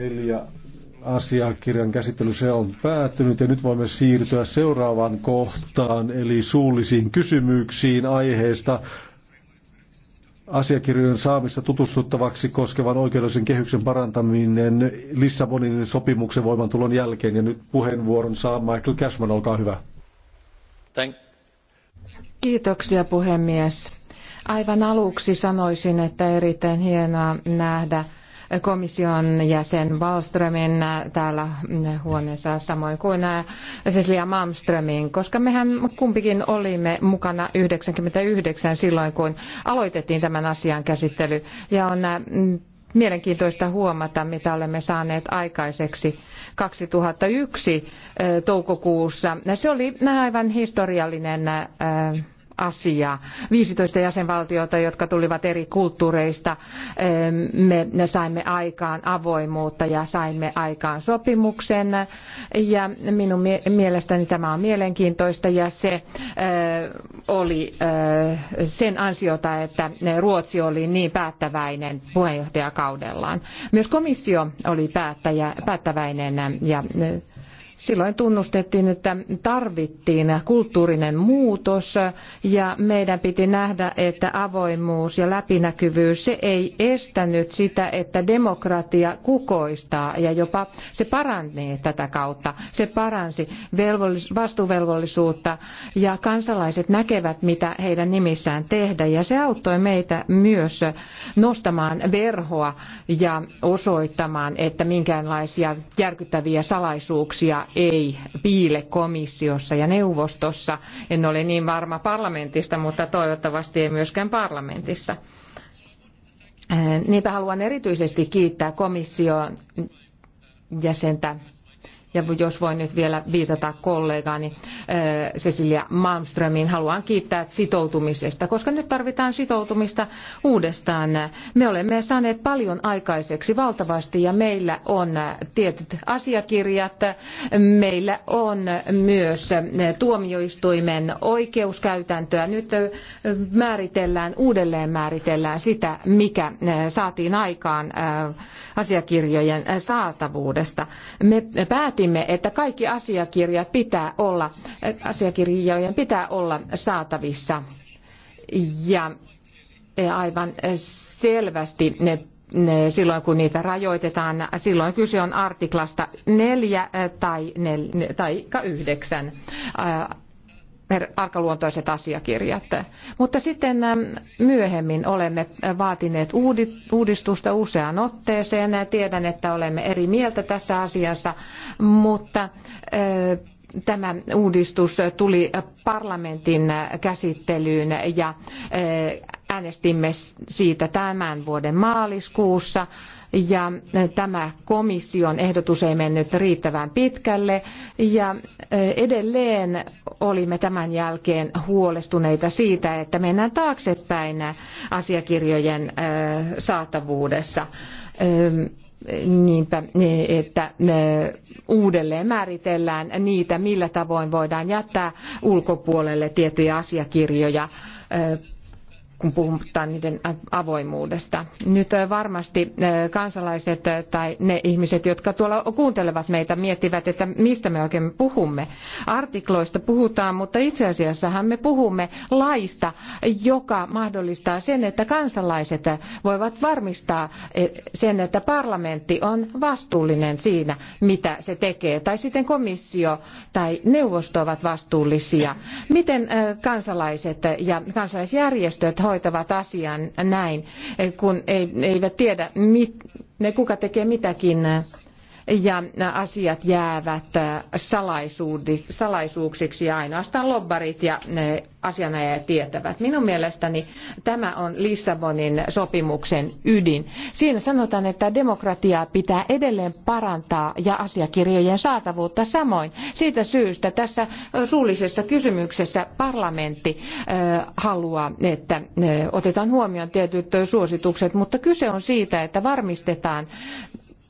Neljä asiakirjan käsittely se on päättynyt ja nyt voimme siirtyä seuraavaan kohtaan eli suullisiin kysymyksiin aiheesta asiakirjojen saamista tutustuttavaksi koskevan oikeudellisen kehyksen parantaminen Lissabonin sopimuksen voimantulon jälkeen. Ja nyt puheenvuoron saa Michael Cashman, olkaa hyvä. Thank. Kiitoksia puhemies. Aivan aluksi sanoisin, että erittäin hienoa nähdä komission jäsen Wallströmin täällä huoneessa, samoin kuin Cecilia Malmströmin, koska mehän kumpikin olimme mukana 99 silloin, kun aloitettiin tämän asian käsittely. Ja on äh, mielenkiintoista huomata, mitä olemme saaneet aikaiseksi 2001 äh, toukokuussa. Se oli aivan historiallinen äh, asiaa. 15 jäsenvaltiota, jotka tulivat eri kulttuureista, me saimme aikaan avoimuutta ja saimme aikaan sopimuksen. Ja minun mielestäni tämä on mielenkiintoista ja se eh, oli eh, sen ansiota, että Ruotsi oli niin päättäväinen puheenjohtajakaudellaan. Myös komissio oli päättäjä, päättäväinen ja eh, Silloin tunnustettiin, että tarvittiin kulttuurinen muutos ja meidän piti nähdä, että avoimuus ja läpinäkyvyys se ei estänyt sitä, että demokratia kukoistaa ja jopa se paranee tätä kautta. Se paransi velvollis- vastuvelvollisuutta ja kansalaiset näkevät, mitä heidän nimissään tehdä ja se auttoi meitä myös nostamaan verhoa ja osoittamaan, että minkäänlaisia järkyttäviä salaisuuksia ei piile komissiossa ja neuvostossa. En ole niin varma parlamentista, mutta toivottavasti ei myöskään parlamentissa. Niinpä haluan erityisesti kiittää komission jäsentä ja jos voin nyt vielä viitata kollegaani eh, Cecilia Malmströmiin, haluan kiittää sitoutumisesta, koska nyt tarvitaan sitoutumista uudestaan. Me olemme saaneet paljon aikaiseksi valtavasti ja meillä on tietyt asiakirjat, meillä on myös tuomioistuimen oikeuskäytäntöä. Nyt määritellään, uudelleen määritellään sitä, mikä eh, saatiin aikaan eh, asiakirjojen saatavuudesta. Me päätimme esitimme, että kaikki asiakirjat pitää olla, asiakirjojen pitää olla saatavissa. Ja eh, aivan selvästi ne silloin kun niitä rajoitetaan, silloin kyse on artiklasta 4 eh, tai, 4, tai 9 arkaluontoiset asiakirjat. Mutta sitten ähm, myöhemmin olemme äh, vaatineet uudistusta useaan otteeseen. Tiedän, että olemme eri mieltä tässä asiassa, mutta äh, tämä uudistus tuli parlamentin äh, käsittelyyn ja äänestimme siitä tämän vuoden maaliskuussa ja tämä komission ehdotus ei mennyt riittävän pitkälle ja e, edelleen olimme tämän jälkeen huolestuneita siitä, että mennään taaksepäin asiakirjojen e, saatavuudessa e, niinpä, että uudelleen määritellään niitä, millä tavoin voidaan jättää ulkopuolelle tiettyjä asiakirjoja kun puhutaan niiden avoimuudesta. Nyt varmasti eh, kansalaiset eh, tai ne ihmiset, jotka tuolla kuuntelevat meitä, miettivät, että mistä me oikein puhumme. Artikloista puhutaan, mutta itse asiassahan me puhumme laista, joka mahdollistaa sen, että kansalaiset voivat varmistaa eh, sen, että parlamentti on vastuullinen siinä, mitä se tekee. Tai sitten komissio tai neuvosto ovat vastuullisia. Miten kansalaiset ja kansalaisjärjestöt hoitavat asian näin, kun eivät tiedä, mit, kuka tekee mitäkin ja asiat jäävät äh, salaisuuksiksi ja ainoastaan lobbarit ja äh, asianajajat tietävät. Minun mielestäni tämä on Lissabonin sopimuksen ydin. Siinä sanotaan, että demokratiaa pitää edelleen parantaa ja asiakirjojen saatavuutta samoin. Siitä syystä tässä äh, suullisessa kysymyksessä parlamentti haluaa, että otetaan huomioon tietyt suositukset, mutta kyse on siitä, että varmistetaan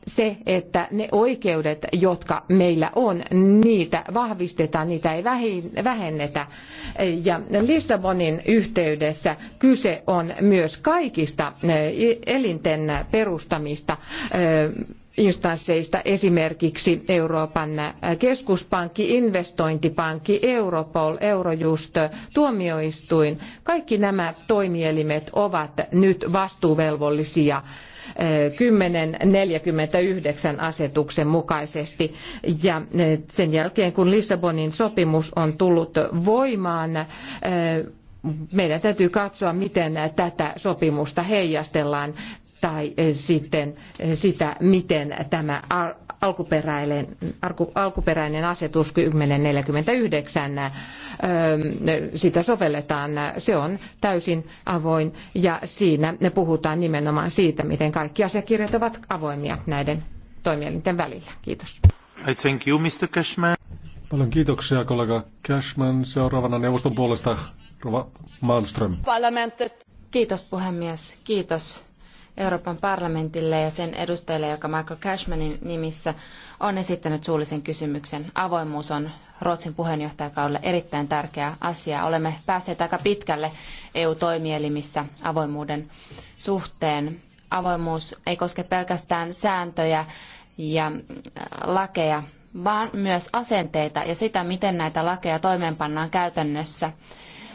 se, että ne oikeudet, jotka meillä on, niitä vahvistetaan, niitä ei vähennetä. Ja Lissabonin yhteydessä kyse on myös kaikista eh, elinten perustamista eh, instansseista, esimerkiksi Euroopan keskuspankki, investointipankki, Europol, Eurojust, tuomioistuin. Kaikki nämä toimielimet ovat nyt vastuuvelvollisia 1049 asetuksen mukaisesti. Ja eh, sen jälkeen kun Lissabonin sopimus on tullut voimaan, eh, meidän täytyy katsoa, miten tätä sopimusta heijastellaan tai eh, sitten sitä, miten tämä alkuperäinen, alkuperäinen asetus 1049, sitä sovelletaan. Se on täysin avoin ja siinä ne puhutaan nimenomaan siitä, miten kaikki asiakirjat ovat avoimia näiden toimielinten välillä. Kiitos. I thank you, Mr. Cashman. Paljon kiitoksia kollega Cashman. Seuraavana neuvoston puolesta Rova Malmström. Kiitos puhemies. Kiitos Euroopan parlamentille ja sen edustajille, joka Michael Cashmanin nimissä on esittänyt suullisen kysymyksen. Avoimuus on Ruotsin puheenjohtajakaudelle erittäin tärkeä asia. Olemme päässeet aika pitkälle EU-toimielimissä avoimuuden suhteen. Avoimuus ei koske pelkästään sääntöjä ja lakeja, vaan myös asenteita ja sitä, miten näitä lakeja toimeenpannaan käytännössä.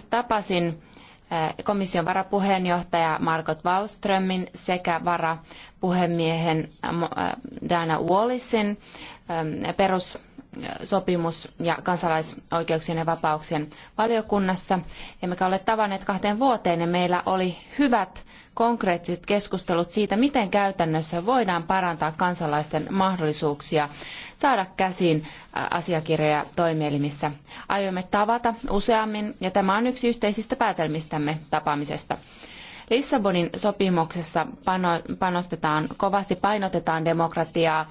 Tapasin Eh, komission varapuheenjohtaja Margot Wallströmin sekä varapuhemiehen eh, eh, Diana Wallisin perus sopimus ja kansalaisoikeuksien ja vapauksien valiokunnassa. Emmekä ole tavanneet kahteen vuoteen ja meillä oli hyvät konkreettiset keskustelut siitä, miten käytännössä voidaan parantaa kansalaisten mahdollisuuksia saada käsiin asiakirjoja toimielimissä. Aiomme tavata useammin ja tämä on yksi yhteisistä päätelmistämme tapaamisesta. Lissabonin sopimuksessa panostetaan kovasti, painotetaan demokratiaa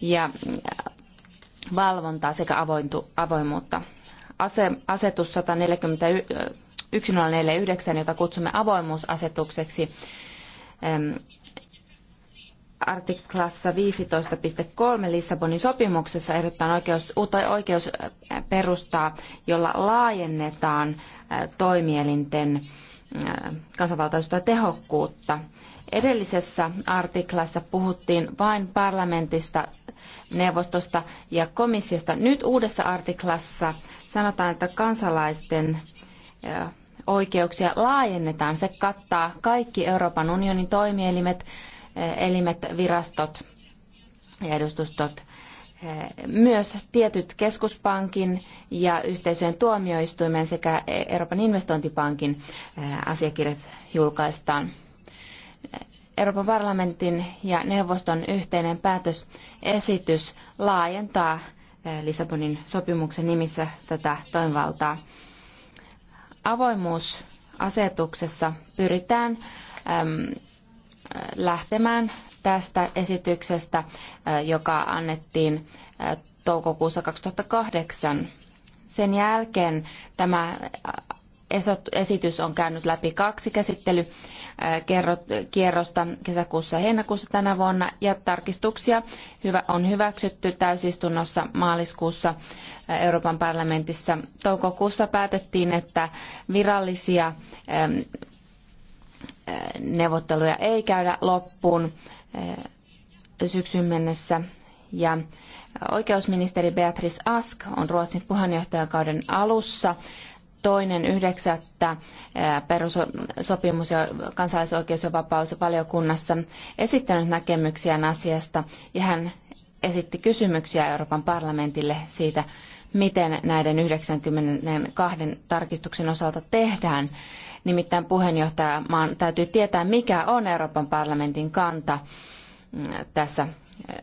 ja valvontaa sekä avointu, avoimuutta. Ase, asetus 1049, jota kutsumme avoimuusasetukseksi, artiklassa 15.3 Lissabonin sopimuksessa ehdotetaan oikeus, uutta oikeusperustaa, jolla laajennetaan toimielinten kansanvaltaista tehokkuutta Edellisessä artiklassa puhuttiin vain parlamentista, neuvostosta ja komissiosta. Nyt uudessa artiklassa sanotaan, että kansalaisten oikeuksia laajennetaan. Se kattaa kaikki Euroopan unionin toimielimet, elimet, virastot ja edustustot. Myös tietyt keskuspankin ja yhteisöjen tuomioistuimen sekä Euroopan investointipankin asiakirjat julkaistaan. Euroopan parlamentin ja neuvoston yhteinen päätösesitys laajentaa eh, Lissabonin sopimuksen nimissä tätä toimivaltaa. Avoimuusasetuksessa pyritään ehm, lähtemään tästä esityksestä, eh, joka annettiin eh, toukokuussa 2008. Sen jälkeen tämä esitys on käynyt läpi kaksi käsittelykierrosta äh, kesäkuussa ja heinäkuussa tänä vuonna ja tarkistuksia on hyväksytty täysistunnossa maaliskuussa äh, Euroopan parlamentissa. Toukokuussa päätettiin, että virallisia ähm, äh, neuvotteluja ei käydä loppuun syksyn mennessä ja Oikeusministeri Beatrice Ask on Ruotsin puheenjohtajakauden alussa toinen yhdeksättä perussopimus- ja kansalaisoikeus- ja vapausvaliokunnassa esittänyt näkemyksiään asiasta ja hän esitti kysymyksiä Euroopan parlamentille siitä, miten näiden 92 tarkistuksen osalta tehdään. Nimittäin puheenjohtajamaan täytyy tietää, mikä on Euroopan parlamentin kanta tässä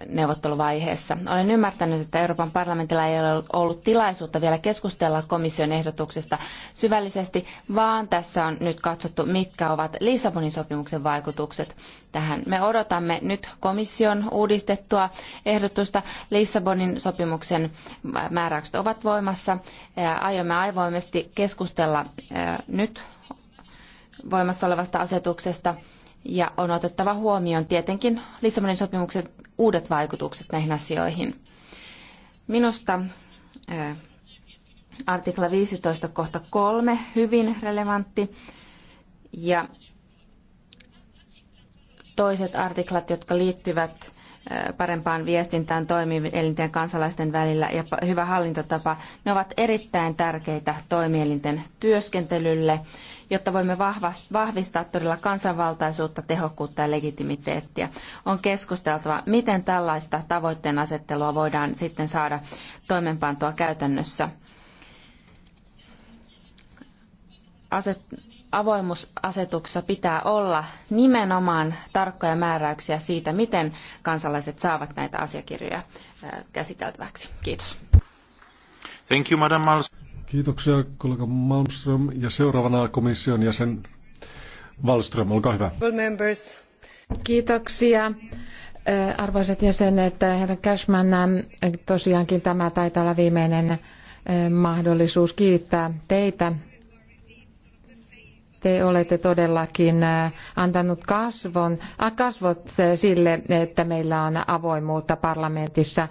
neuvotteluvaiheessa. Olen ymmärtänyt, että Euroopan parlamentilla ei ole ollut tilaisuutta vielä keskustella komission ehdotuksesta syvällisesti, vaan tässä on nyt katsottu, mitkä ovat Lissabonin sopimuksen vaikutukset tähän. Me odotamme nyt komission uudistettua ehdotusta. Lissabonin sopimuksen määräykset ovat voimassa. Aiomme aivoimesti keskustella nyt voimassa olevasta asetuksesta – ja on otettava huomioon tietenkin Lissabonin sopimuksen uudet vaikutukset näihin asioihin. Minusta artikla 15 kohta 3 hyvin relevantti ja toiset artiklat, jotka liittyvät parempaan viestintään toimielinten kansalaisten välillä ja hyvä hallintotapa, ne ovat erittäin tärkeitä toimielinten työskentelylle, jotta voimme vahvistaa todella kansanvaltaisuutta, tehokkuutta ja legitimiteettiä. On keskusteltava, miten tällaista tavoitteen asettelua voidaan sitten saada toimenpantua käytännössä. Aset, avoimuusasetuksessa pitää olla nimenomaan tarkkoja määräyksiä siitä, miten kansalaiset saavat näitä asiakirjoja käsiteltäväksi. Kiitos. Thank you, Madam Malmström. Kiitoksia, kollega Malmström. Ja seuraavana komission jäsen Wallström, olkaa hyvä. Kiitoksia. Arvoisat jäsenet, herra Cashman, tosiaankin tämä taitaa olla viimeinen mahdollisuus kiittää teitä te olette todellakin äh, antanut kasvon, äh, kasvot äh, sille, että meillä on avoimuutta parlamentissa.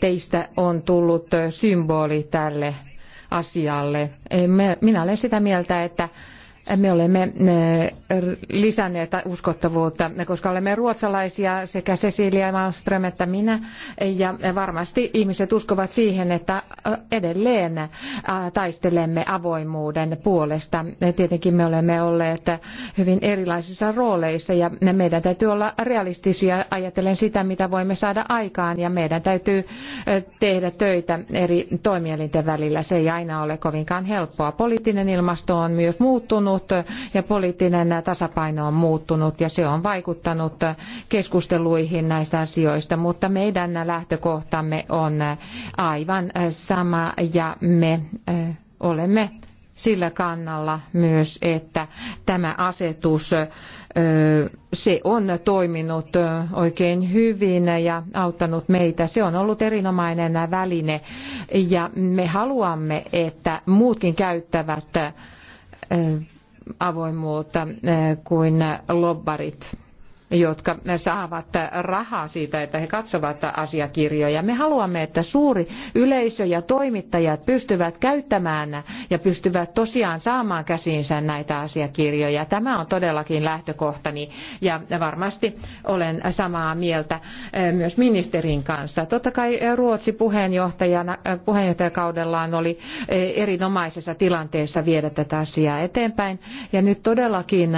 Teistä on tullut symboli tälle asialle. Minä olen sitä mieltä, että me olemme eh, lisänneet uskottavuutta, koska olemme ruotsalaisia sekä Cecilia Malmström että minä. Ja varmasti ihmiset uskovat siihen, että eh, edelleen eh, taistelemme avoimuuden puolesta. Tietenkin me olemme olleet hyvin erilaisissa rooleissa ja meidän täytyy olla realistisia ajatellen sitä, mitä voimme saada aikaan. Ja meidän täytyy tehdä töitä eri toimielinten välillä. Se ei aina ole kovinkaan helppoa. Poliittinen ilmasto on myös muuttunut muuttunut ja poliittinen tasapaino on muuttunut ja se on vaikuttanut keskusteluihin näistä asioista, mutta meidän lähtökohtamme on aivan sama ja me eh, olemme sillä kannalla myös, että tämä asetus eh, se on toiminut eh, oikein hyvin ja auttanut meitä. Se on ollut erinomainen väline ja me haluamme, että muutkin käyttävät avoimuutta eh, kuin lobbarit jotka saavat rahaa siitä, että he katsovat asiakirjoja. Me haluamme, että suuri yleisö ja toimittajat pystyvät käyttämään ja pystyvät tosiaan saamaan käsiinsä näitä asiakirjoja. Tämä on todellakin lähtökohtani ja varmasti olen samaa mieltä eh, myös ministerin kanssa. Totta kai Ruotsi puheenjohtajana, eh, puheenjohtajakaudellaan oli eh, erinomaisessa tilanteessa viedä tätä asiaa eteenpäin. Ja nyt todellakin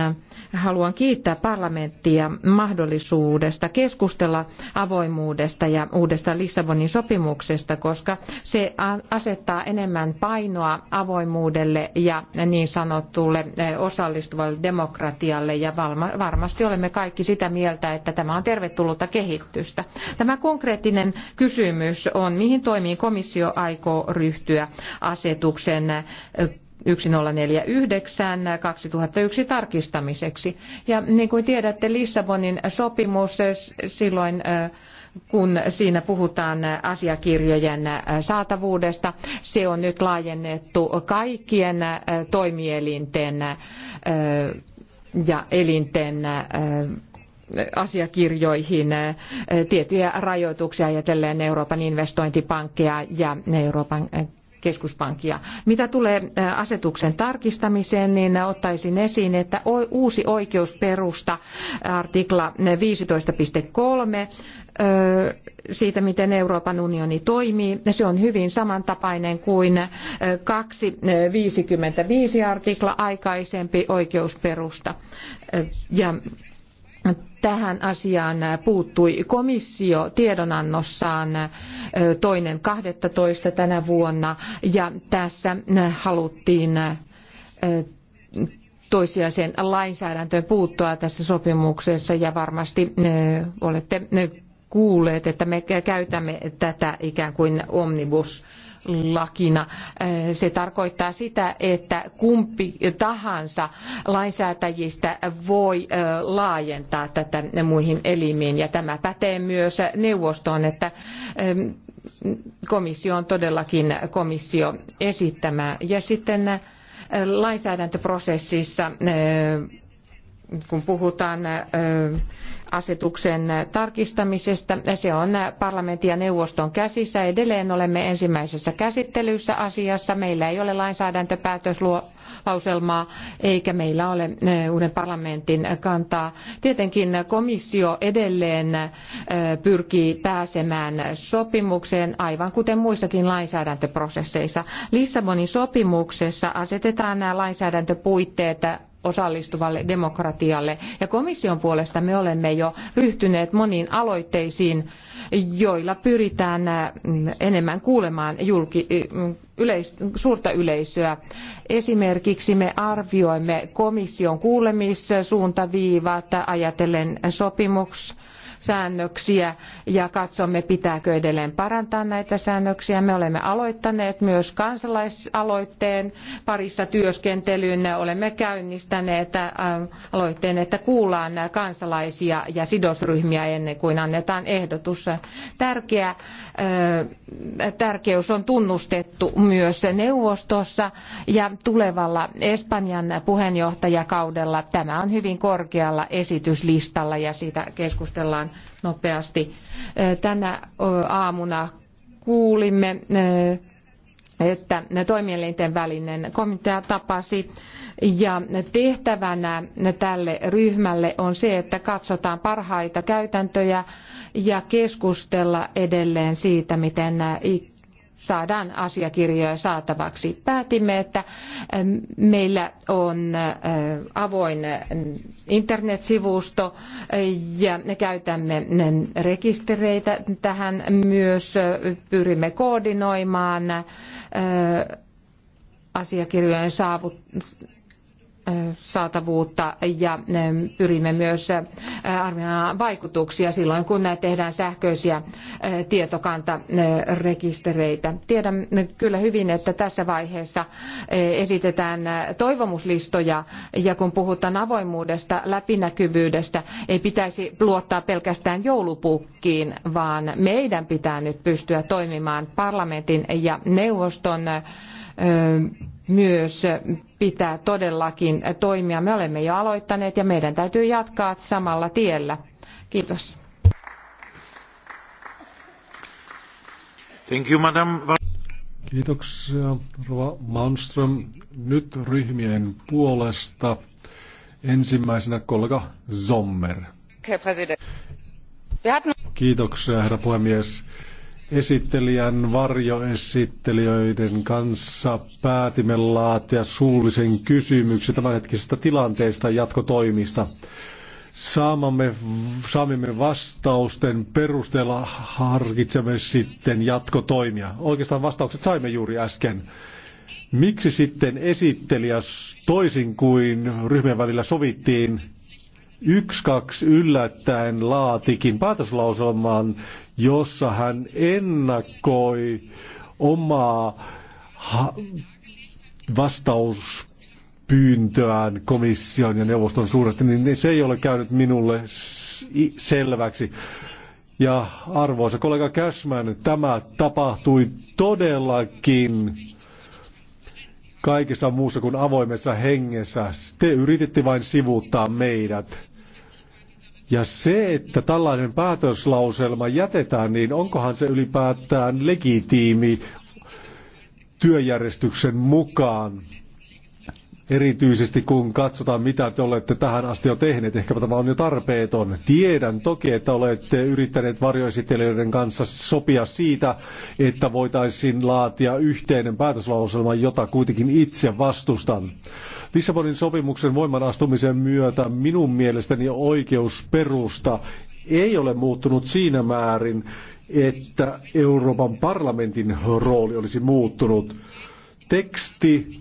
haluan kiittää parlamenttia mahdollisuudesta keskustella avoimuudesta ja uudesta Lissabonin sopimuksesta, koska se asettaa enemmän painoa avoimuudelle ja niin sanottulle eh, osallistuvalle demokratialle ja varmasti olemme kaikki sitä mieltä, että tämä on tervetullutta kehitystä. Tämä konkreettinen kysymys on, mihin toimiin komissio aikoo ryhtyä asetuksen eh, 1049 2001 tarkistamiseksi. Ja niin kuin tiedätte, Lissabonin sopimus silloin kun siinä puhutaan asiakirjojen saatavuudesta. Se on nyt laajennettu kaikkien toimielinten ja elinten asiakirjoihin tiettyjä rajoituksia ajatellen Euroopan investointipankkia ja Euroopan keskuspankkia. Mitä tulee asetuksen tarkistamiseen, niin ottaisin esiin, että uusi oikeusperusta artikla 15.3 siitä, miten Euroopan unioni toimii. Se on hyvin samantapainen kuin 255 artikla aikaisempi oikeusperusta. Ja tähän asiaan puuttui komissio tiedonannossaan toinen 12. tänä vuonna ja tässä haluttiin toisiaiseen lainsäädäntöön puuttua tässä sopimuksessa ja varmasti olette kuulleet, että me käytämme tätä ikään kuin omnibus lakina. Eh, se tarkoittaa sitä, että kumpi tahansa lainsäätäjistä voi eh, laajentaa tätä muihin elimiin. Ja tämä pätee myös neuvostoon, että eh, komissio on todellakin komissio esittämä. Ja sitten lainsäädäntöprosessissa kun puhutaan asetuksen tarkistamisesta. Se on parlamentin ja neuvoston käsissä. Edelleen olemme ensimmäisessä käsittelyssä asiassa. Meillä ei ole lainsäädäntöpäätöslauselmaa eikä meillä ole eh, uuden parlamentin kantaa. Tietenkin komissio edelleen eh, pyrkii pääsemään sopimukseen aivan kuten muissakin lainsäädäntöprosesseissa. Lissabonin sopimuksessa asetetaan nämä lainsäädäntöpuitteet osallistuvalle demokratialle. Ja komission puolesta me olemme jo ryhtyneet moniin aloitteisiin, joilla pyritään mm, enemmän kuulemaan julki, mm, yleis- suurta yleisöä. Esimerkiksi me arvioimme komission kuulemissuuntaviivat ajatellen sopimuks säännöksiä ja katsomme, pitääkö edelleen parantaa näitä säännöksiä. Me olemme aloittaneet myös kansalaisaloitteen parissa työskentelyyn. Olemme käynnistäneet äh, aloitteen, että kuullaan kansalaisia ja sidosryhmiä ennen kuin annetaan ehdotus. Tärkeä, äh, tärkeys on tunnustettu, myös neuvostossa ja tulevalla Espanjan puheenjohtajakaudella tämä on hyvin korkealla esityslistalla ja siitä keskustellaan nopeasti. Tänä aamuna kuulimme että toimielinten välinen komitea tapasi ja tehtävänä tälle ryhmälle on se, että katsotaan parhaita käytäntöjä ja keskustella edelleen siitä, miten saadaan asiakirjoja saatavaksi. Päätimme, että ähm, meillä on äh, avoin äh, internetsivusto äh, ja käytämme rekistereitä tähän myös. Pyrimme koordinoimaan asiakirjojen saavut, saatavuutta ja pyrimme myös arvioimaan vaikutuksia silloin, kun tehdään sähköisiä tietokantarekistereitä. Tiedän kyllä hyvin, että tässä vaiheessa esitetään toivomuslistoja ja kun puhutaan avoimuudesta, läpinäkyvyydestä, ei pitäisi luottaa pelkästään joulupukkiin, vaan meidän pitää nyt pystyä toimimaan parlamentin ja neuvoston myös pitää todellakin toimia. Me olemme jo aloittaneet ja meidän täytyy jatkaa samalla tiellä. Kiitos. Thank you, madam. Kiitoksia, Rova Malmström. Nyt ryhmien puolesta ensimmäisenä kollega Sommer. Kiitoksia, herra puhemies esittelijän varjoesittelijöiden kanssa päätimme laatia suullisen kysymyksen tämänhetkisestä tilanteesta ja jatkotoimista. Saamamme, saamimme vastausten perusteella harkitsemme sitten jatkotoimia. Oikeastaan vastaukset saimme juuri äsken. Miksi sitten esittelijä toisin kuin ryhmien välillä sovittiin yksi kaksi yllättäen laatikin päätöslauselman, jossa hän ennakoi omaa vastauspyyntöään komission ja neuvoston suuresti, niin se ei ole käynyt minulle selväksi. Ja arvoisa kollega Cashman, tämä tapahtui todellakin kaikessa muussa kuin avoimessa hengessä. Te yrititte vain sivuuttaa meidät. Ja se, että tällainen päätöslauselma jätetään, niin onkohan se ylipäätään legitiimi työjärjestyksen mukaan? Erityisesti kun katsotaan, mitä te olette tähän asti jo tehneet, ehkäpä tämä on jo tarpeeton. Tiedän toki, että olette yrittäneet varjoesittelijöiden kanssa sopia siitä, että voitaisiin laatia yhteinen päätöslauselma, jota kuitenkin itse vastustan. Lissabonin sopimuksen astumisen myötä minun mielestäni oikeusperusta ei ole muuttunut siinä määrin, että Euroopan parlamentin rooli olisi muuttunut. Teksti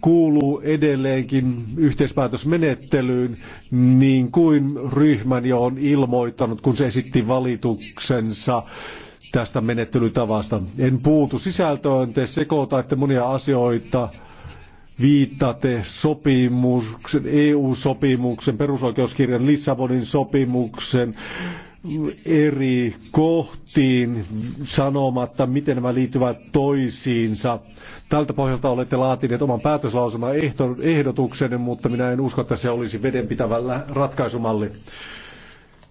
kuuluu edelleenkin yhteispäätösmenettelyyn niin kuin ryhmän jo on ilmoittanut, kun se esitti valituksensa tästä menettelytavasta. En puutu sisältöön, te sekoitatte monia asioita, viittaatte sopimuksen, EU-sopimuksen, perusoikeuskirjan, Lissabonin sopimuksen, eri kohtiin sanomatta, miten nämä liittyvät toisiinsa. Tältä pohjalta olette laatineet oman päätöslausuman ehdotuksenne, mutta minä en usko, että se olisi vedenpitävällä ratkaisumalli.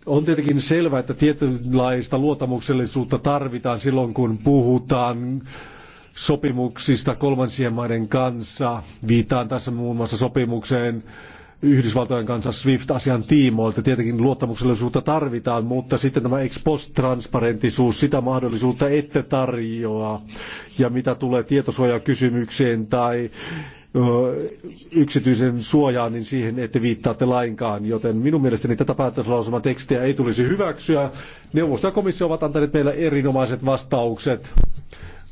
On tietenkin selvää, että tietynlaista luottamuksellisuutta tarvitaan silloin, kun puhutaan sopimuksista kolmansien maiden kanssa. Viitaan tässä muun muassa sopimukseen Yhdysvaltojen kanssa SWIFT-asian tiimoilta. Tietenkin luottamuksellisuutta tarvitaan, mutta sitten tämä ex post-transparentisuus, sitä mahdollisuutta ette tarjoa. Ja mitä tulee tietosuojakysymykseen tai yksityisen suojaan, niin siihen ette viittaatte lainkaan. Joten minun mielestäni tätä päätöslausuman tekstiä ei tulisi hyväksyä. Neuvosto ja komissio ovat antaneet meille erinomaiset vastaukset.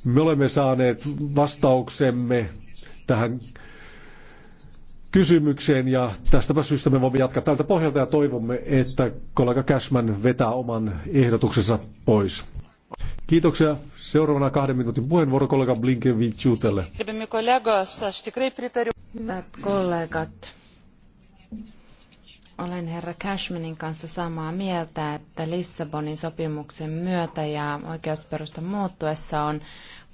Me olemme saaneet vastauksemme tähän kysymykseen ja tästäpä syystä me voimme jatkaa tältä pohjalta ja toivomme, että kollega Cashman vetää oman ehdotuksensa pois. Kiitoksia. Seuraavana kahden minuutin puheenvuoro kollega Blinkevičiūtelle. Hyvät kollegat, olen herra Cashmanin kanssa samaa mieltä, että Lissabonin sopimuksen myötä ja oikeusperustan muuttuessa on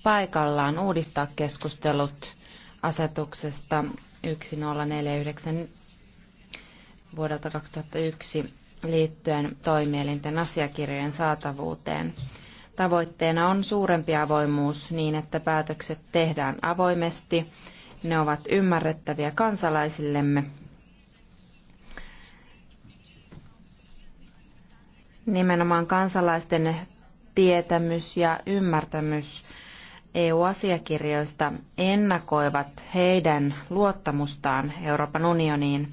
paikallaan uudistaa keskustelut asetuksesta 1049 vuodelta 2001 liittyen toimielinten asiakirjojen saatavuuteen. Tavoitteena on suurempi avoimuus niin, että päätökset tehdään avoimesti, ne ovat ymmärrettäviä kansalaisillemme. Nimenomaan kansalaisten tietämys ja ymmärtämys EU-asiakirjoista ennakoivat heidän luottamustaan Euroopan unioniin.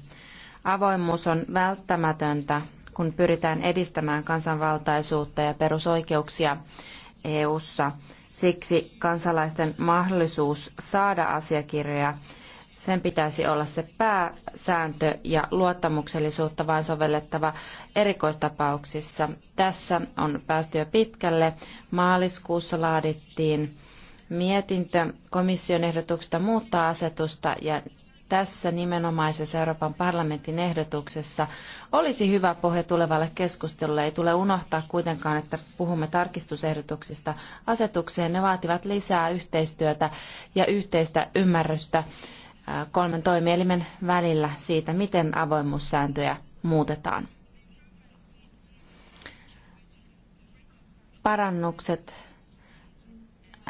Avoimuus on välttämätöntä, kun pyritään edistämään kansanvaltaisuutta ja perusoikeuksia EU:ssa. Siksi kansalaisten mahdollisuus saada asiakirjoja sen pitäisi olla se pääsääntö ja luottamuksellisuutta vain sovellettava erikoistapauksissa. Tässä on päästy jo pitkälle. Maaliskuussa laadittiin mietintö komission ehdotuksesta muuttaa asetusta ja tässä nimenomaisessa Euroopan parlamentin ehdotuksessa olisi hyvä pohja tulevalle keskustelulle. Ei tule unohtaa kuitenkaan, että puhumme tarkistusehdotuksista asetukseen. Ne vaativat lisää yhteistyötä ja yhteistä ymmärrystä äh, kolmen toimielimen välillä siitä, miten avoimuussääntöjä muutetaan. Parannukset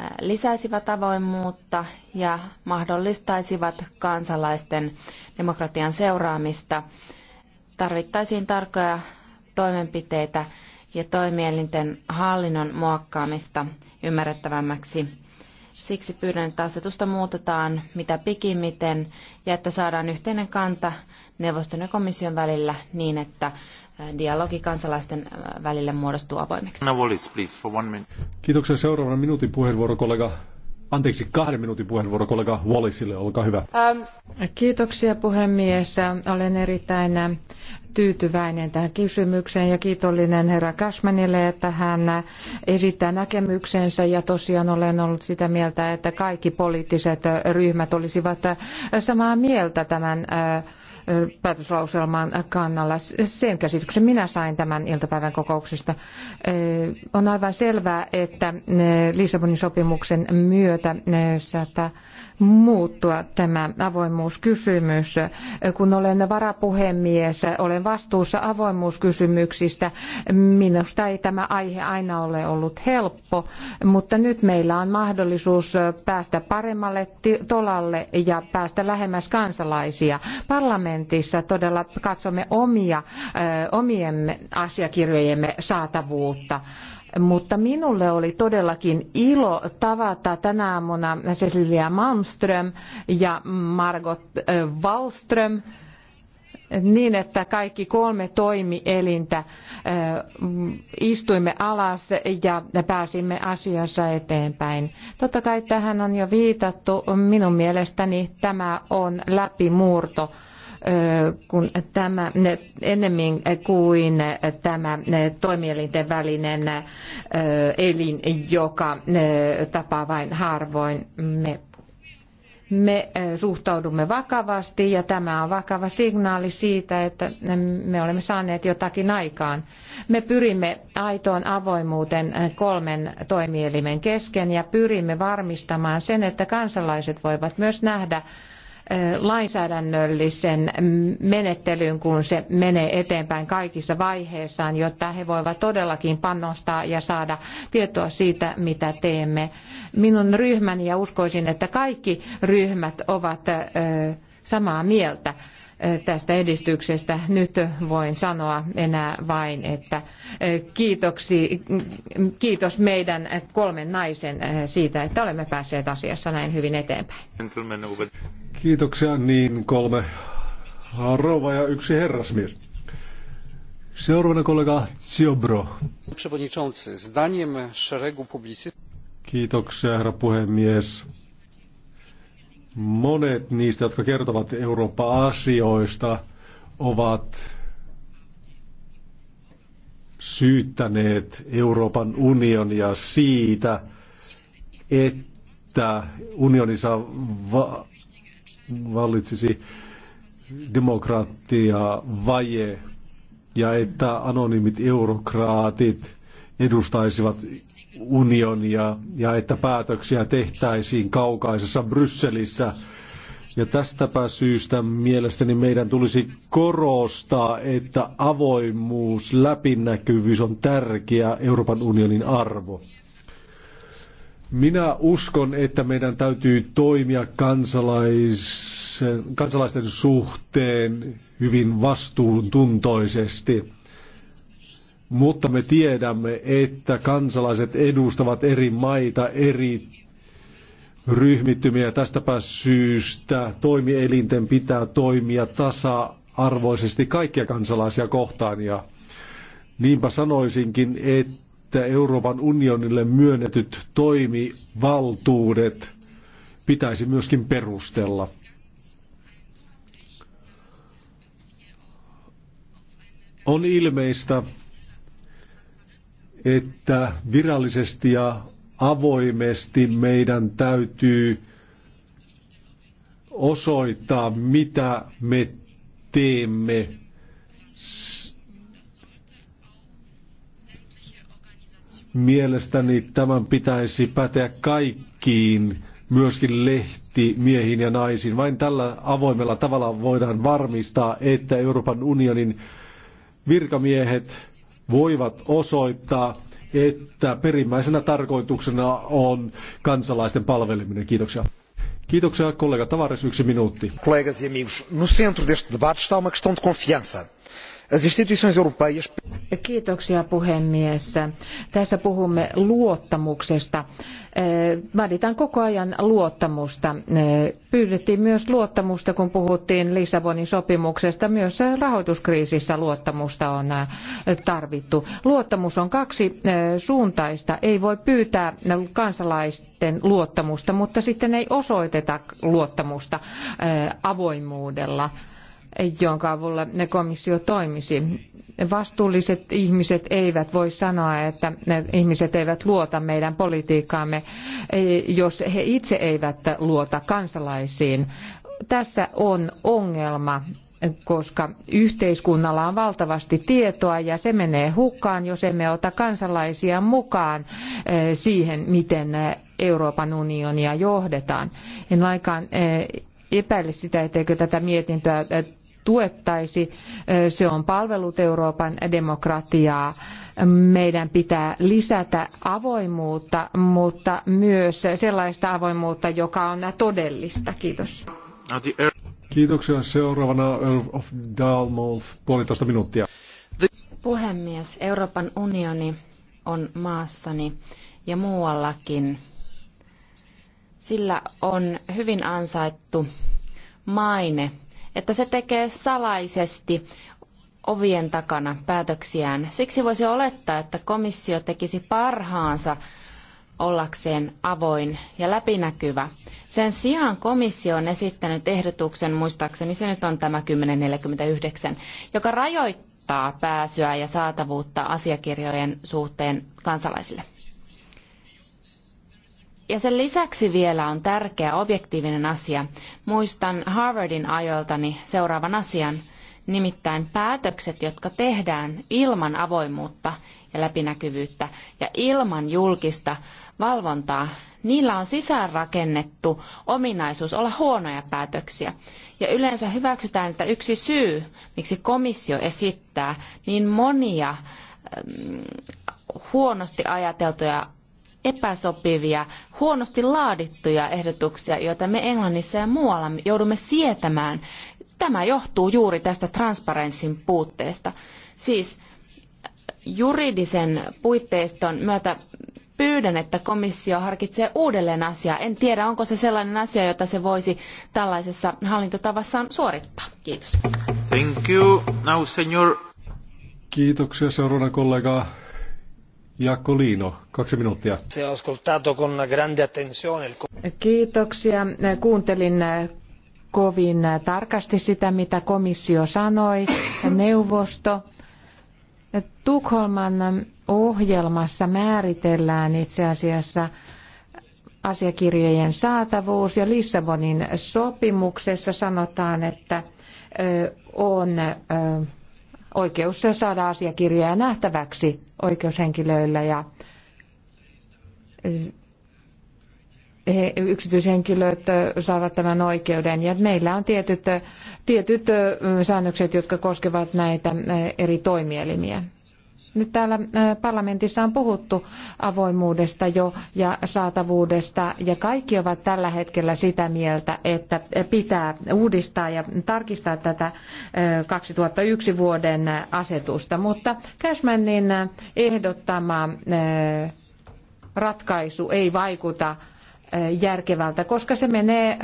Äh, lisäisivät avoimuutta ja mahdollistaisivat kansalaisten demokratian seuraamista. Tarvittaisiin tarkkoja toimenpiteitä ja toimielinten hallinnon muokkaamista ymmärrettävämmäksi Siksi pyydän, että asetusta muutetaan mitä pikimmiten ja että saadaan yhteinen kanta neuvoston ja komission välillä niin, että dialogi kansalaisten välille muodostuu avoimeksi. Kiitoksia. Seuraavan minuutin puheenvuoro kollega Anteeksi, kahden minuutin puheenvuoro kollega Wallisille, olkaa hyvä. Ähm. Kiitoksia puhemies. Olen erittäin tyytyväinen tähän kysymykseen ja kiitollinen herra Cashmanille, että hän esittää näkemyksensä ja tosiaan olen ollut sitä mieltä, että kaikki poliittiset ryhmät olisivat samaa mieltä tämän äh, päätöslauselman kannalla. Sen käsityksen minä sain tämän iltapäivän kokouksesta. On aivan selvää, että Lissabonin sopimuksen myötä 100 muuttua tämä avoimuuskysymys. Kun olen varapuhemies, olen vastuussa avoimuuskysymyksistä. Minusta ei tämä aihe aina ole ollut helppo, mutta nyt meillä on mahdollisuus päästä paremmalle tolalle ja päästä lähemmäs kansalaisia. Parlamentissa todella katsomme omia, omien asiakirjojemme saatavuutta mutta minulle oli todellakin ilo tavata tänä aamuna Cecilia Malmström ja Margot äh, Wallström niin, että kaikki kolme toimielintä äh, istuimme alas ja pääsimme asiassa eteenpäin. Totta kai tähän on jo viitattu. Minun mielestäni tämä on läpimurto kun tämä, ennemmin kuin tämä toimielinten välinen elin, joka tapaa vain harvoin. Me, me suhtaudumme vakavasti ja tämä on vakava signaali siitä, että me olemme saaneet jotakin aikaan. Me pyrimme aitoon avoimuuteen kolmen toimielimen kesken ja pyrimme varmistamaan sen, että kansalaiset voivat myös nähdä lainsäädännöllisen menettelyn, kun se menee eteenpäin kaikissa vaiheissaan, jotta he voivat todellakin panostaa ja saada tietoa siitä, mitä teemme. Minun ryhmäni ja uskoisin, että kaikki ryhmät ovat samaa mieltä tästä edistyksestä. Nyt voin sanoa enää vain, että kiitoksi, kiitos meidän kolmen naisen siitä, että olemme päässeet asiassa näin hyvin eteenpäin. Kiitoksia. Niin kolme rouva ja yksi herrasmies. Seuraavana kollega Ciobro. Kiitoksia, herra puhemies. Monet niistä, jotka kertovat Eurooppa-asioista, ovat syyttäneet Euroopan unionia siitä, että unionissa va- vallitsisi demokraattia vaje ja että anonyymit eurokraatit edustaisivat unionia ja että päätöksiä tehtäisiin kaukaisessa Brysselissä. Ja tästäpä syystä mielestäni meidän tulisi korostaa, että avoimuus, läpinäkyvyys on tärkeä Euroopan unionin arvo. Minä uskon, että meidän täytyy toimia kansalaisten suhteen hyvin vastuuntuntoisesti. Mutta me tiedämme, että kansalaiset edustavat eri maita, eri ryhmittymiä. Tästäpä syystä toimielinten pitää toimia tasa-arvoisesti kaikkia kansalaisia kohtaan. Ja niinpä sanoisinkin, että että Euroopan unionille myönnetyt toimivaltuudet pitäisi myöskin perustella. On ilmeistä, että virallisesti ja avoimesti meidän täytyy osoittaa, mitä me teemme Mielestäni tämän pitäisi päteä kaikkiin, myöskin lehti miehiin ja naisiin. Vain tällä avoimella tavalla voidaan varmistaa, että Euroopan unionin virkamiehet voivat osoittaa, että perimmäisenä tarkoituksena on kansalaisten palveleminen. Kiitoksia. Kiitoksia kollega Tavares, yksi minuutti. Kollegas ja e amigos, no centro deste debate está uma questão de confiança. As instituições europeias... Kiitoksia puhemies. Tässä puhumme luottamuksesta. Eh, vaaditaan koko ajan luottamusta. Eh, pyydettiin myös luottamusta, kun puhuttiin Lissabonin sopimuksesta. Myös rahoituskriisissä luottamusta on eh, tarvittu. Luottamus on kaksi suuntaista. Ei voi pyytää kansalaisten luottamusta, mutta sitten ei osoiteta luottamusta avoimuudella jonka avulla komissio toimisi. Vastuulliset ihmiset eivät voi sanoa, että ihmiset eivät luota meidän politiikkaamme, jos he itse eivät luota kansalaisiin. Tässä on ongelma koska yhteiskunnalla on valtavasti tietoa ja se menee hukkaan, jos emme ota kansalaisia mukaan eh, siihen, miten eh, Euroopan unionia johdetaan. En lainkaan eh, epäile sitä, etteikö tätä mietintöä tuettaisi. Se on palvelut Euroopan demokratiaa. Meidän pitää lisätä avoimuutta, mutta myös sellaista avoimuutta, joka on todellista. Kiitos. Kiitoksia. Seuraavana Earl of Dalmouth, puolitoista minuuttia. Puhemies, Euroopan unioni on maassani ja muuallakin. Sillä on hyvin ansaittu maine että se tekee salaisesti ovien takana päätöksiään. Siksi voisi olettaa, että komissio tekisi parhaansa ollakseen avoin ja läpinäkyvä. Sen sijaan komissio on esittänyt ehdotuksen, muistaakseni se nyt on tämä 1049, joka rajoittaa pääsyä ja saatavuutta asiakirjojen suhteen kansalaisille. Ja sen lisäksi vielä on tärkeä objektiivinen asia. Muistan Harvardin ajoiltani seuraavan asian, nimittäin päätökset, jotka tehdään ilman avoimuutta ja läpinäkyvyyttä ja ilman julkista valvontaa, niillä on sisäänrakennettu ominaisuus olla huonoja päätöksiä. Ja yleensä hyväksytään, että yksi syy, miksi komissio esittää niin monia huonosti ajateltuja epäsopivia, huonosti laadittuja ehdotuksia, joita me Englannissa ja muualla joudumme sietämään. Tämä johtuu juuri tästä transparenssin puutteesta. Siis äh, juridisen puitteiston myötä pyydän, että komissio harkitsee uudelleen asiaa. En tiedä, onko se sellainen asia, jota se voisi tällaisessa hallintotavassaan suorittaa. Kiitos. Thank you. Now, senior. Kiitoksia seuraavana kollegaa Jakolino, kaksi minuuttia. Kiitoksia. Kuuntelin kovin tarkasti sitä, mitä komissio sanoi, neuvosto. Tukholman ohjelmassa määritellään itse asiassa asiakirjojen saatavuus ja Lissabonin sopimuksessa sanotaan, että on oikeus saada asiakirjoja nähtäväksi oikeushenkilöillä ja eh, he, yksityishenkilöt eh, saavat tämän oikeuden. Ja meillä on tietyt, eh, tietyt säännökset, jotka koskevat näitä eri toimielimiä. Nyt täällä parlamentissa on puhuttu avoimuudesta jo ja saatavuudesta ja kaikki ovat tällä hetkellä sitä mieltä, että pitää uudistaa ja tarkistaa tätä 2001 vuoden asetusta, mutta Cashmanin ehdottama ratkaisu ei vaikuta järkevältä, koska se menee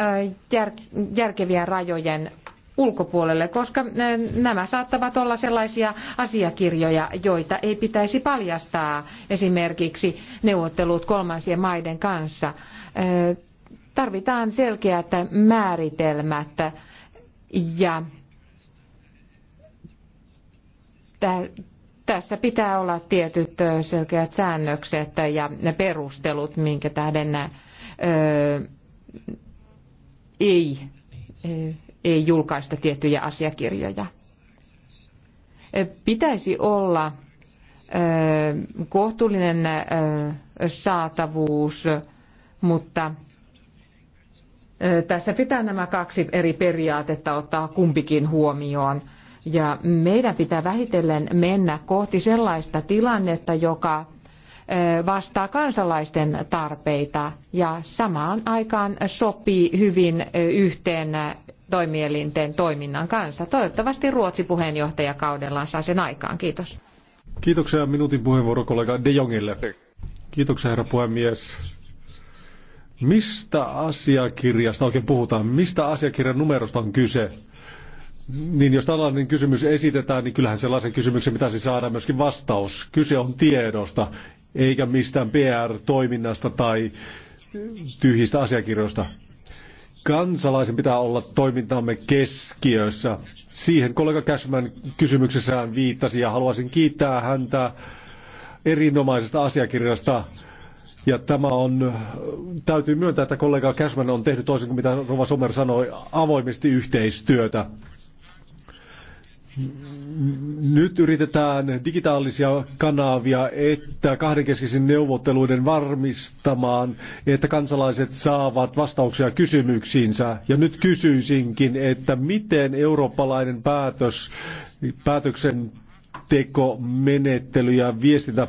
järkeviä rajojen ulkopuolelle, koska eh, nämä saattavat olla sellaisia asiakirjoja, joita ei pitäisi paljastaa esimerkiksi neuvottelut kolmansien maiden kanssa. Eh, tarvitaan selkeät määritelmät ja tässä pitää olla tietyt eh, selkeät säännökset ja ne perustelut, minkä tähden ei ei julkaista tiettyjä asiakirjoja. Pitäisi olla kohtuullinen saatavuus, mutta tässä pitää nämä kaksi eri periaatetta ottaa kumpikin huomioon. Ja meidän pitää vähitellen mennä kohti sellaista tilannetta, joka vastaa kansalaisten tarpeita ja samaan aikaan sopii hyvin yhteen toimielinten toiminnan kanssa. Toivottavasti Ruotsi puheenjohtajakaudellaan saa sen aikaan. Kiitos. Kiitoksia minuutin puheenvuoro kollega De Jongille. Kiitoksia herra puhemies. Mistä asiakirjasta oikein puhutaan? Mistä asiakirjan numerosta on kyse? Niin jos tällainen kysymys esitetään, niin kyllähän sellaisen kysymyksen pitäisi saada myöskin vastaus. Kyse on tiedosta, eikä mistään PR-toiminnasta tai tyhjistä asiakirjoista. Kansalaisen pitää olla toimintamme keskiössä. Siihen kollega Cashman kysymyksessään viittasi ja haluaisin kiittää häntä erinomaisesta asiakirjasta. Ja tämä on, täytyy myöntää, että kollega Cashman on tehnyt toisin kuin mitä Rova Sommer sanoi, avoimesti yhteistyötä nyt yritetään digitaalisia kanavia että kahdenkeskisin neuvotteluiden varmistamaan, että kansalaiset saavat vastauksia kysymyksiinsä. Ja nyt kysyisinkin, että miten eurooppalainen päätös, päätöksenteko menettely ja viestintä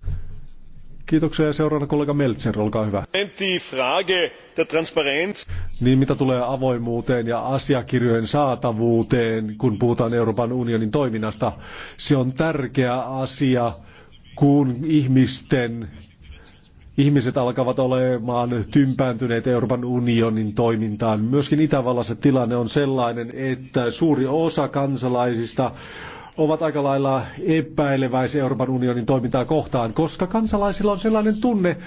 Kiitoksia ja seuraavana kollega Meltzer, olkaa hyvä. Niin mitä tulee avoimuuteen ja asiakirjojen saatavuuteen, kun puhutaan Euroopan unionin toiminnasta, se on tärkeä asia, kun ihmisten Ihmiset alkavat olemaan tympääntyneet Euroopan unionin toimintaan. Myöskin Itävallassa tilanne on sellainen, että suuri osa kansalaisista ovat aika lailla epäileväisiä Euroopan unionin toimintaa kohtaan, koska kansalaisilla on sellainen tunne,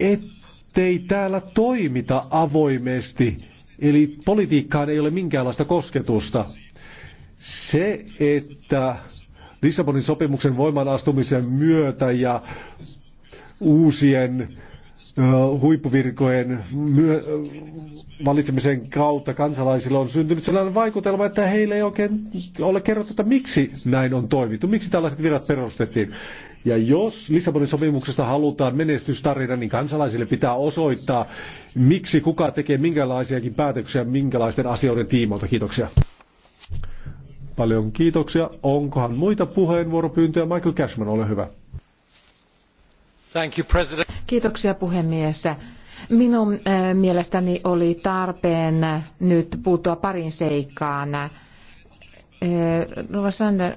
ettei täällä toimita avoimesti, eli politiikkaan ei ole minkäänlaista kosketusta. Se, että Lissabonin sopimuksen voimaan astumisen myötä ja uusien huippuvirkojen valitsemisen kautta kansalaisilla on syntynyt sellainen vaikutelma, että heille ei oikein ole kerrottu, että miksi näin on toimittu, miksi tällaiset virat perustettiin. Ja jos Lissabonin sopimuksesta halutaan menestystarina, niin kansalaisille pitää osoittaa, miksi kuka tekee minkälaisiakin päätöksiä minkälaisten asioiden tiimoilta. Kiitoksia. Paljon kiitoksia. Onkohan muita puheenvuoropyyntöjä? Michael Cashman, ole hyvä. Kiitoksia puhemies. Minun äh, mielestäni oli tarpeen nyt puuttua parin seikkaan. Äh, Rova Sander,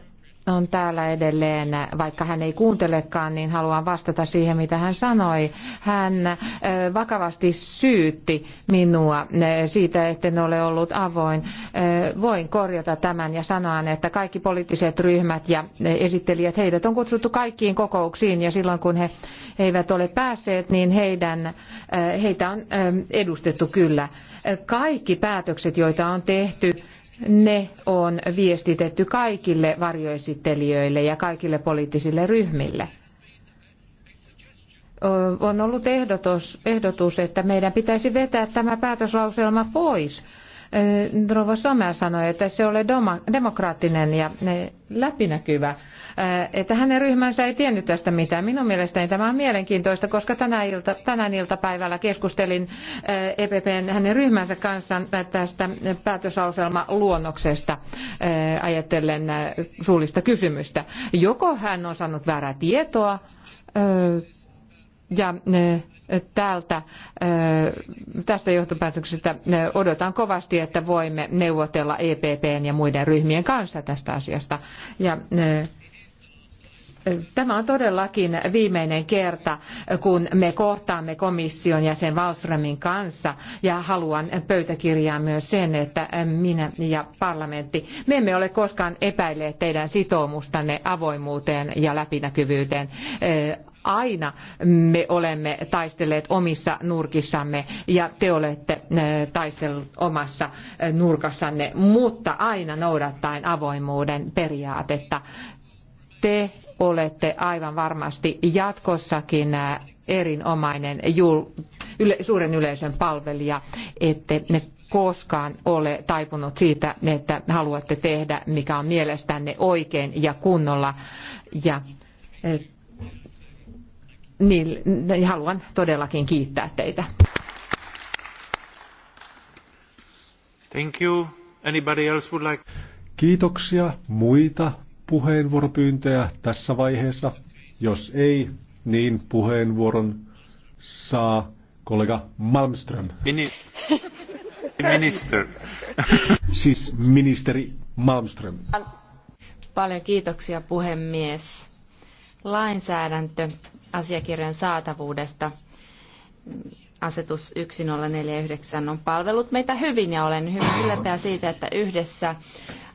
on täällä edelleen, vaikka hän ei kuuntelekaan, niin haluan vastata siihen, mitä hän sanoi. Hän vakavasti syytti minua siitä, etten ole ollut avoin. Voin korjata tämän ja sanoa, että kaikki poliittiset ryhmät ja esittelijät, heidät on kutsuttu kaikkiin kokouksiin ja silloin kun he eivät ole päässeet, niin heidän, heitä on edustettu kyllä. Kaikki päätökset, joita on tehty, ne on viestitetty kaikille varjoesittelijöille ja kaikille poliittisille ryhmille. On ollut ehdotus, ehdotus että meidän pitäisi vetää tämä päätöslauselma pois. E, Rova Somea sanoi, että se ole demokraattinen ja e, läpinäkyvä että hänen ryhmänsä ei tiennyt tästä mitään. Minun mielestäni tämä on mielenkiintoista, koska tänä ilta, tänään iltapäivällä keskustelin EPPn hänen ryhmänsä kanssa tästä päätöslauselma luonnoksesta ajatellen suullista kysymystä. Joko hän on saanut väärää tietoa ja täältä tästä johtopäätöksestä odotan kovasti, että voimme neuvotella EPPn ja muiden ryhmien kanssa tästä asiasta. Ja Tämä on todellakin viimeinen kerta, kun me kohtaamme komission jäsen Wallströmin kanssa ja haluan pöytäkirjaan myös sen, että minä ja parlamentti, me emme ole koskaan epäilleet teidän sitoumustanne avoimuuteen ja läpinäkyvyyteen aina me olemme taistelleet omissa nurkissamme ja te olette eh, taistelleet omassa eh, nurkassanne, mutta aina noudattaen avoimuuden periaatetta te olette aivan varmasti jatkossakin erinomainen suuren yleisön palvelija, ette ne koskaan ole taipunut siitä, että haluatte tehdä, mikä on mielestänne oikein ja kunnolla. Ja niin, haluan todellakin kiittää teitä. Thank you. Anybody else would like... Kiitoksia. Muita puheenvuoropyyntöjä tässä vaiheessa? Jos ei, niin puheenvuoron saa kollega Malmström. Mini- minister. siis ministeri Malmström. Paljon kiitoksia puhemies. Lainsäädäntö asiakirjan saatavuudesta asetus 1049 on palvellut meitä hyvin ja olen hyvin ylpeä siitä, että yhdessä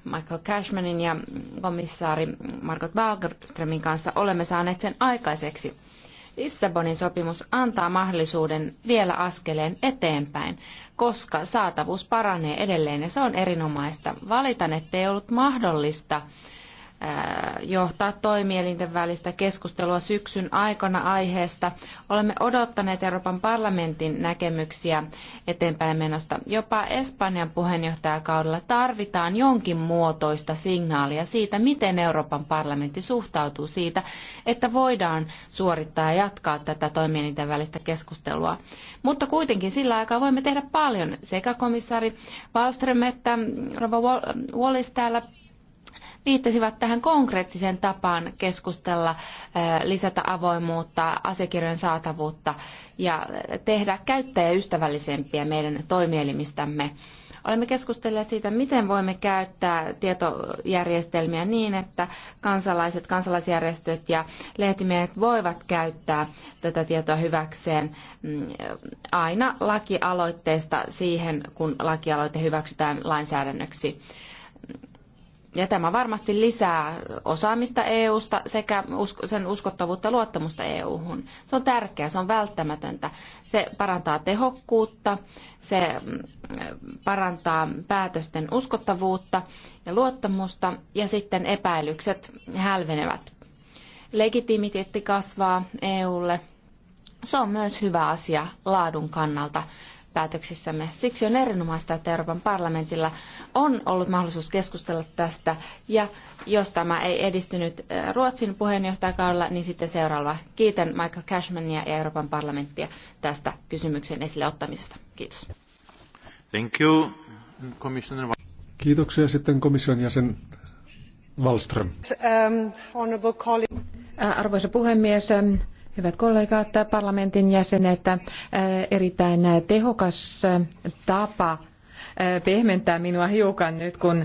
Michael Cashmanin ja komissaari Margot Wallströmin kanssa olemme saaneet sen aikaiseksi. Lissabonin sopimus antaa mahdollisuuden vielä askeleen eteenpäin, koska saatavuus paranee edelleen ja se on erinomaista. Valitan, ettei ollut mahdollista Äh, johtaa toimielinten välistä keskustelua syksyn aikana aiheesta. Olemme odottaneet Euroopan parlamentin näkemyksiä eteenpäin menosta. Jopa Espanjan puheenjohtajakaudella tarvitaan jonkin muotoista signaalia siitä, miten Euroopan parlamentti suhtautuu siitä, että voidaan suorittaa ja jatkaa tätä toimielinten välistä keskustelua. Mutta kuitenkin sillä aikaa voimme tehdä paljon sekä komissaari Wallström että Rova Wallis täällä viittasivat tähän konkreettiseen tapaan keskustella, lisätä avoimuutta, asiakirjojen saatavuutta ja tehdä käyttäjäystävällisempiä meidän toimielimistämme. Olemme keskustelleet siitä, miten voimme käyttää tietojärjestelmiä niin, että kansalaiset, kansalaisjärjestöt ja lehtimiehet voivat käyttää tätä tietoa hyväkseen mm, aina lakialoitteesta siihen, kun lakialoite hyväksytään lainsäädännöksi. Ja tämä varmasti lisää osaamista EUsta sekä sen uskottavuutta ja luottamusta EUhun. Se on tärkeää, se on välttämätöntä. Se parantaa tehokkuutta, se mm, parantaa päätösten uskottavuutta ja luottamusta ja sitten epäilykset hälvenevät. Legitimiteetti kasvaa EUlle. Se on myös hyvä asia laadun kannalta päätöksissämme. Siksi on erinomaista, että Euroopan parlamentilla on ollut mahdollisuus keskustella tästä. Ja jos tämä ei edistynyt eh, Ruotsin puheenjohtajakaudella, niin sitten seuraava. Kiitän Michael Cashmania ja Euroopan parlamenttia tästä kysymyksen esille ottamisesta. Kiitos. Thank you, Commissioner. Kiitoksia sitten komission jäsen Wallström. Um, Arvoisa puhemies, Hyvät kollegat, parlamentin jäsenet, äh, erittäin tehokas äh, tapa äh, pehmentää minua hiukan nyt, kun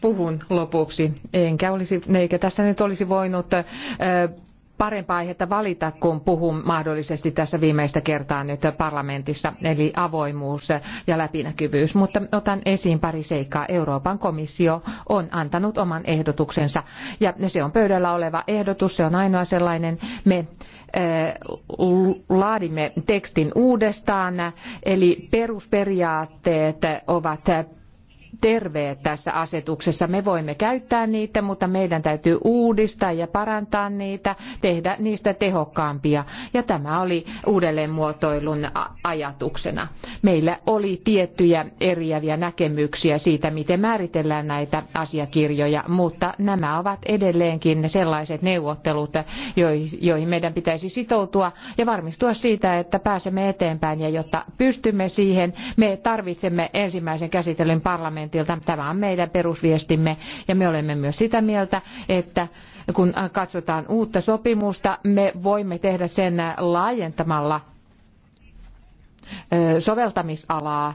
puhun lopuksi. Enkä olisi, eikä tässä nyt olisi voinut parempaa aihetta valita, kun puhun mahdollisesti tässä viimeistä kertaa nyt parlamentissa, eli avoimuus ja läpinäkyvyys. Mutta otan esiin pari seikkaa. Euroopan komissio on antanut oman ehdotuksensa, ja se on pöydällä oleva ehdotus, se on ainoa sellainen. Me eh, laadimme tekstin uudestaan, eli perusperiaatteet ovat terveet tässä asetuksessa. Me voimme käyttää niitä, mutta meidän täytyy uudistaa ja parantaa niitä, tehdä niistä tehokkaampia. Ja tämä oli uudelleenmuotoilun ajatuksena. Meillä oli tiettyjä eriäviä näkemyksiä siitä, miten määritellään näitä asiakirjoja, mutta nämä ovat edelleenkin sellaiset neuvottelut, joihin meidän pitäisi sitoutua ja varmistua siitä, että pääsemme eteenpäin ja jotta pystymme siihen, me tarvitsemme ensimmäisen käsittelyn parlamentin parlamentilta. Tämä on meidän perusviestimme ja me olemme myös sitä mieltä, että kun katsotaan uutta sopimusta, me voimme tehdä sen laajentamalla soveltamisalaa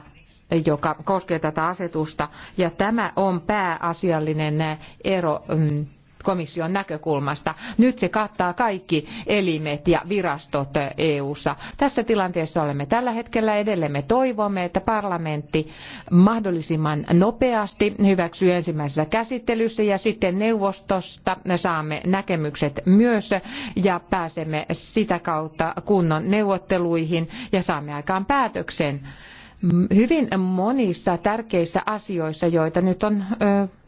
joka koskee tätä asetusta. Ja tämä on pääasiallinen ero mm, komission näkökulmasta. Nyt se kattaa kaikki elimet ja virastot EU-ssa. Tässä tilanteessa olemme tällä hetkellä edelleen. Me toivomme, että parlamentti mahdollisimman nopeasti hyväksyy ensimmäisessä käsittelyssä ja sitten neuvostosta saamme näkemykset myös ja pääsemme sitä kautta kunnon neuvotteluihin ja saamme aikaan päätöksen hyvin monissa tärkeissä asioissa, joita nyt on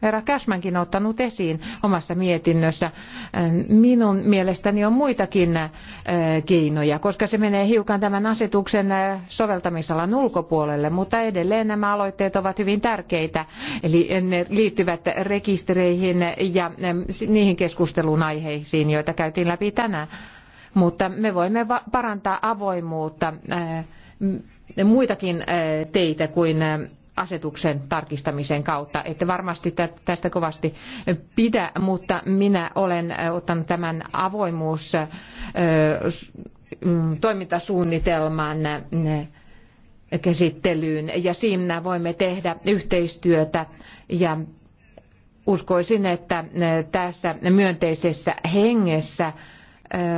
herra Käsmänkin ottanut esiin omassa mietinnössä. Minun mielestäni on muitakin keinoja, koska se menee hiukan tämän asetuksen soveltamisalan ulkopuolelle, mutta edelleen nämä aloitteet ovat hyvin tärkeitä, eli ne liittyvät rekistereihin ja niihin keskustelun aiheisiin, joita käytiin läpi tänään. Mutta me voimme parantaa avoimuutta muitakin äh, teitä kuin äh, asetuksen tarkistamisen kautta. Ette varmasti tästä kovasti pidä, mutta minä olen äh, ottanut tämän avoimuus mm, toimintasuunnitelman käsittelyyn ja siinä voimme tehdä yhteistyötä ja uskoisin, että tässä myönteisessä hengessä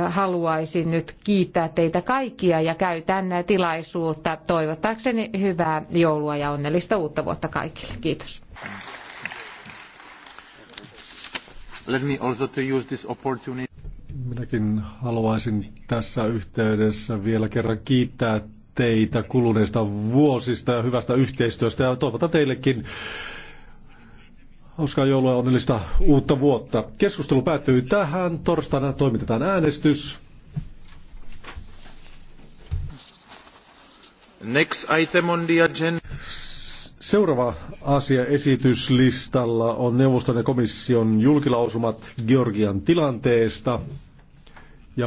haluaisin nyt kiittää teitä kaikkia ja käytän tilaisuutta toivottaakseni hyvää joulua ja onnellista uutta vuotta kaikille. Kiitos. Minäkin haluaisin tässä yhteydessä vielä kerran kiittää teitä kuluneista vuosista ja hyvästä yhteistyöstä ja toivotan teillekin Hauskaa joulua ja onnellista uutta vuotta. Keskustelu päättyy tähän. Torstaina toimitetaan äänestys. Next item on the agenda. Seuraava asia esityslistalla on neuvoston ja komission julkilausumat Georgian tilanteesta.